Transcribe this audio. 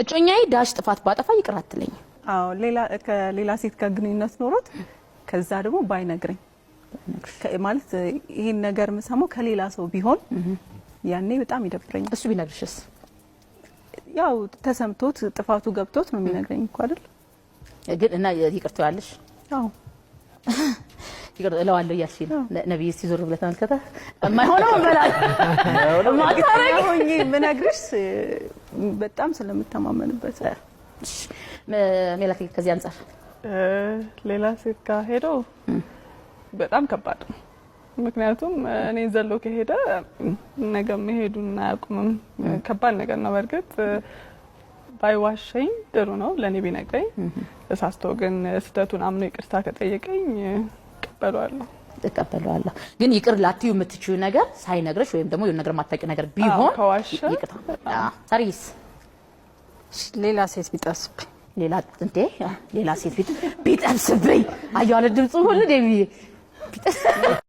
እጮኛዬ ዳሽ ጥፋት ባጠፋ ይቅር አትለኝ። አዎ ሌላ ከሌላ ሴት ጋር ግንኙነት ኖሮት ከዛ ደግሞ ባይነግረኝ ማለት ይሄን ነገር የምሰማው ከሌላ ሰው ቢሆን ያኔ በጣም ይደብረኛል። እሱ ቢነግርሽስ? ያው ተሰምቶት ጥፋቱ ገብቶት ነው የሚነግረኝ እኮ አይደል? ግን እና ይቅርታ ያለሽ? አዎ ይቅርታ እለዋለሁ እያልሽ ነው። ነብይ እስቲ ዞር ብለህ ተመልከተህ የማይሆነው እበላለሁ ማታረኝ ብነግርሽ በጣም ስለምተማመንበት ሜላክ ከዚህ አንጻር ሌላ ሴት ጋር ሄዶ በጣም ከባድ ነው። ምክንያቱም እኔ ዘሎ ከሄደ ነገ መሄዱን አያውቁምም። ከባድ ነገር ነው። በእርግጥ ባይዋሸኝ ጥሩ ነው ለእኔ ቢነግረኝ። እሳስቶ ግን ስህተቱን አምኖ ይቅርታ ከጠየቀኝ እቀበለዋለሁ እቀበለዋለሁ ግን ይቅር ላትዩ የምትችዩ ነገር ሳይነግረሽ ወይም ደግሞ የሆነ ነገር ማታውቂ ነገር ቢሆን ይቅርታ። ሰሪስ ሌላ ሴት ቢጠብስብኝ ሌላ እንዴ ሌላ ሴት ቢጠብስብኝ አየዋለ ድምፅ ድምፁ ሁሉ ደብዬ